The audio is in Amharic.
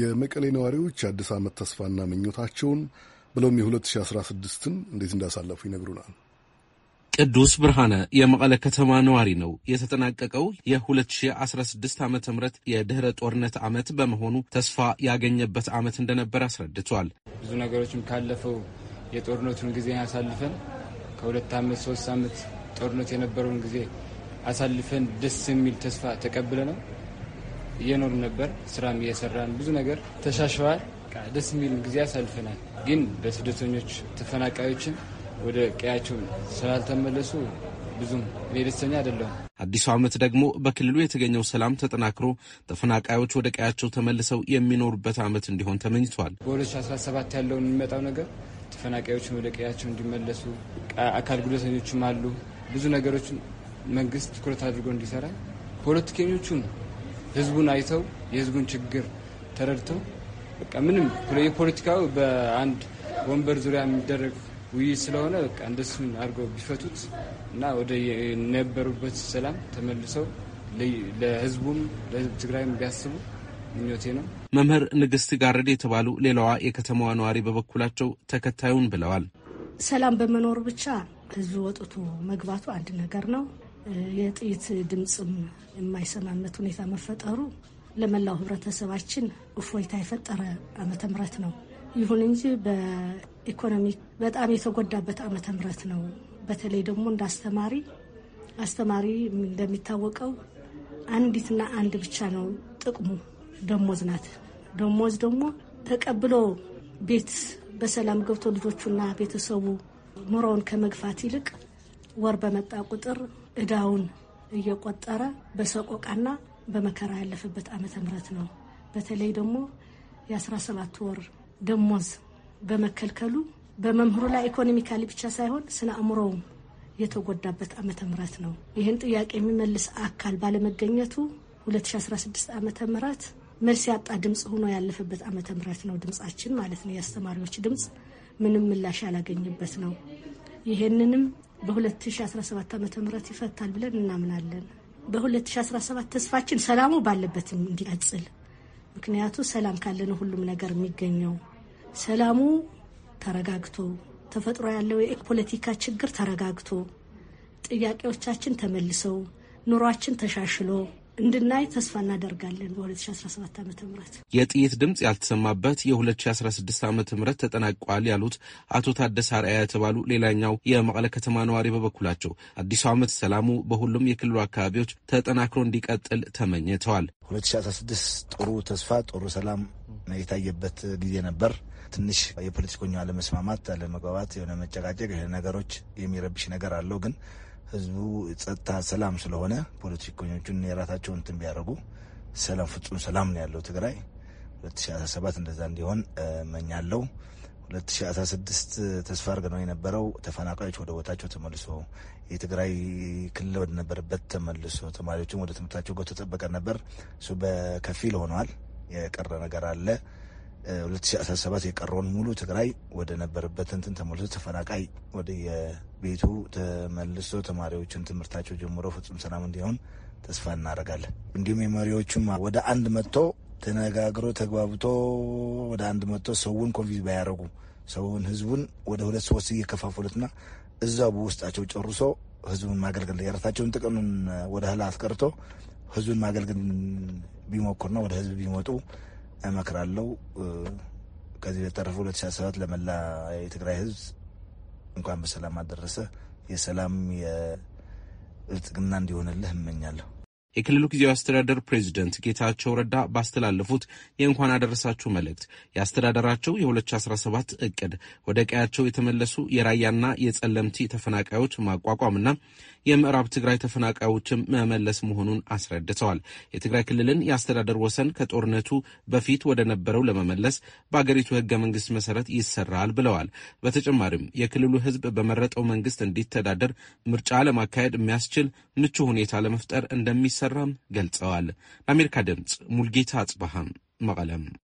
የመቀሌ ነዋሪዎች አዲስ ዓመት ተስፋና ምኞታቸውን ብለውም የ2016ን እንዴት እንዳሳለፉ ይነግሩናል። ቅዱስ ብርሃነ የመቀለ ከተማ ነዋሪ ነው። የተጠናቀቀው የ2016 ዓ ም የድኅረ ጦርነት ዓመት በመሆኑ ተስፋ ያገኘበት ዓመት እንደነበር አስረድቷል። ብዙ ነገሮችም ካለፈው የጦርነቱን ጊዜ አሳልፈን ከሁለት ዓመት ሶስት ዓመት ጦርነት የነበረውን ጊዜ አሳልፈን ደስ የሚል ተስፋ ተቀብለ ነው እየኖር ነበር። ስራም እየሰራን ብዙ ነገር ተሻሽዋል። ደስ የሚል ጊዜ አሳልፈናል። ግን በስደተኞች ተፈናቃዮችን ወደ ቀያቸው ስላልተመለሱ ብዙም እኔ ደስተኛ አይደለሁም። አዲሱ ዓመት ደግሞ በክልሉ የተገኘው ሰላም ተጠናክሮ ተፈናቃዮች ወደ ቀያቸው ተመልሰው የሚኖሩበት ዓመት እንዲሆን ተመኝቷል። በ2017 ያለውን የሚመጣው ነገር ተፈናቃዮችን ወደ ቀያቸው እንዲመለሱ፣ አካል ጉዳተኞችም አሉ። ብዙ ነገሮችን መንግስት ትኩረት አድርጎ እንዲሰራ፣ ፖለቲከኞቹን ህዝቡን አይተው የህዝቡን ችግር ተረድተው በቃ ምንም የፖለቲካው በአንድ ወንበር ዙሪያ የሚደረግ ውይይት ስለሆነ በቃ እንደሱን አድርገው ቢፈቱት እና ወደ የነበሩበት ሰላም ተመልሰው ለህዝቡም ለህዝብ ትግራይም ቢያስቡ ምኞቴ ነው። መምህር ንግስት ጋረድ የተባሉ ሌላዋ የከተማዋ ነዋሪ በበኩላቸው ተከታዩን ብለዋል። ሰላም በመኖር ብቻ ህዝብ ወጥቶ መግባቱ አንድ ነገር ነው። የጥይት ድምፅም የማይሰማበት ሁኔታ መፈጠሩ ለመላው ህብረተሰባችን እፎይታ የፈጠረ ዓመተ ምህረት ነው። ይሁን እንጂ በኢኮኖሚ በጣም የተጎዳበት ዓመተ ምህረት ነው። በተለይ ደግሞ እንደ አስተማሪ አስተማሪ እንደሚታወቀው አንዲትና አንድ ብቻ ነው ጥቅሙ ደሞዝ ናት። ደሞዝ ደግሞ ተቀብሎ ቤት በሰላም ገብቶ ልጆቹና ቤተሰቡ ኑሮውን ከመግፋት ይልቅ ወር በመጣ ቁጥር እዳውን እየቆጠረ በሰቆቃና በመከራ ያለፈበት ዓመተ ምህረት ነው። በተለይ ደግሞ የ17 ወር ደሞዝ በመከልከሉ በመምህሩ ላይ ኢኮኖሚካሊ ብቻ ሳይሆን ስነ አእምሮውም የተጎዳበት ዓመተ ምህረት ነው። ይህን ጥያቄ የሚመልስ አካል ባለመገኘቱ 2016 ዓመተ ምህረት መልስ ያጣ ድምፅ ሆኖ ያለፈበት ዓመተ ምህረት ነው። ድምፃችን ማለት ነው የአስተማሪዎች ድምፅ ምንም ምላሽ ያላገኝበት ነው። ይህንንም በ2017 ዓ ም ይፈታል ብለን እናምናለን። በ2017 ተስፋችን ሰላሙ ባለበትም እንዲቀጽል፣ ምክንያቱ ሰላም ካለን ሁሉም ነገር የሚገኘው። ሰላሙ ተረጋግቶ ተፈጥሮ ያለው የፖለቲካ ችግር ተረጋግቶ ጥያቄዎቻችን ተመልሰው ኑሯችን ተሻሽሎ እንድናይ ተስፋ እናደርጋለን። በ2017 ዓ ም የጥይት ድምፅ ያልተሰማበት የ2016 ዓ ም ተጠናቋል ያሉት አቶ ታደሰ አርአያ የተባሉ ሌላኛው የመቀለ ከተማ ነዋሪ በበኩላቸው አዲሱ ዓመት ሰላሙ በሁሉም የክልሉ አካባቢዎች ተጠናክሮ እንዲቀጥል ተመኝተዋል። 2016 ጥሩ ተስፋ፣ ጥሩ ሰላም የታየበት ጊዜ ነበር። ትንሽ የፖለቲከኛ አለመስማማት፣ አለመግባባት፣ የሆነ መጨቃጨቅ ነገሮች የሚረብሽ ነገር አለው ግን ህዝቡ ጸጥታ፣ ሰላም ስለሆነ ፖለቲከኞቹን የራሳቸውን እንትን ቢያደርጉ ሰላም፣ ፍጹም ሰላም ነው ያለው ትግራይ። 2017 እንደዛ እንዲሆን እመኛለሁ። 2016 ተስፋ አርገ ነው የነበረው ተፈናቃዮች ወደ ቦታቸው ተመልሶ የትግራይ ክልል ወደነበረበት ተመልሶ ተማሪዎችም ወደ ትምህርታቸው ገብቶ ተጠበቀ ነበር። እሱ በከፊል ሆነዋል። የቀረ ነገር አለ። 2017 የቀረውን ሙሉ ትግራይ ወደ ነበረበት እንትን ተመልሶ ተፈናቃይ ወደ የቤቱ ተመልሶ ተማሪዎችን ትምህርታቸው ጀምሮ ፍጹም ሰላም እንዲሆን ተስፋ እናደርጋለን። እንዲሁም የመሪዎቹም ወደ አንድ መጥቶ ተነጋግሮ ተግባብቶ ወደ አንድ መጥቶ ሰውን ኮንፊዝ ባያደረጉ ሰውን ህዝቡን ወደ ሁለት ሶስት እየከፋፈሉትና እዛው በውስጣቸው ጨርሶ ህዝቡን ማገልገል የራሳቸውን ጥቅምን ወደ ህላ አስቀርቶ ህዝቡን ማገልገል ቢሞክሩና ወደ ህዝብ ቢመጡ እመክራለሁ። ከዚህ በተረፈ 2017 ለመላ የትግራይ ህዝብ እንኳን በሰላም አደረሰ። የሰላም የብልጽግና እንዲሆንልህ እመኛለሁ። የክልሉ ጊዜያዊ አስተዳደር ፕሬዚደንት ጌታቸው ረዳ ባስተላለፉት የእንኳን አደረሳችሁ መልእክት የአስተዳደራቸው የ2017 እቅድ ወደ ቀያቸው የተመለሱ የራያና የጸለምቲ ተፈናቃዮች ማቋቋምና የምዕራብ ትግራይ ተፈናቃዮችን መመለስ መሆኑን አስረድተዋል። የትግራይ ክልልን የአስተዳደር ወሰን ከጦርነቱ በፊት ወደ ነበረው ለመመለስ በአገሪቱ ህገ መንግስት መሰረት ይሰራል ብለዋል። በተጨማሪም የክልሉ ህዝብ በመረጠው መንግስት እንዲተዳደር ምርጫ ለማካሄድ የሚያስችል ምቹ ሁኔታ ለመፍጠር እንደሚሰ እንደሚሰራም ገልጸዋል። ለአሜሪካ ድምፅ ሙልጌታ አጽባሃም መቀለም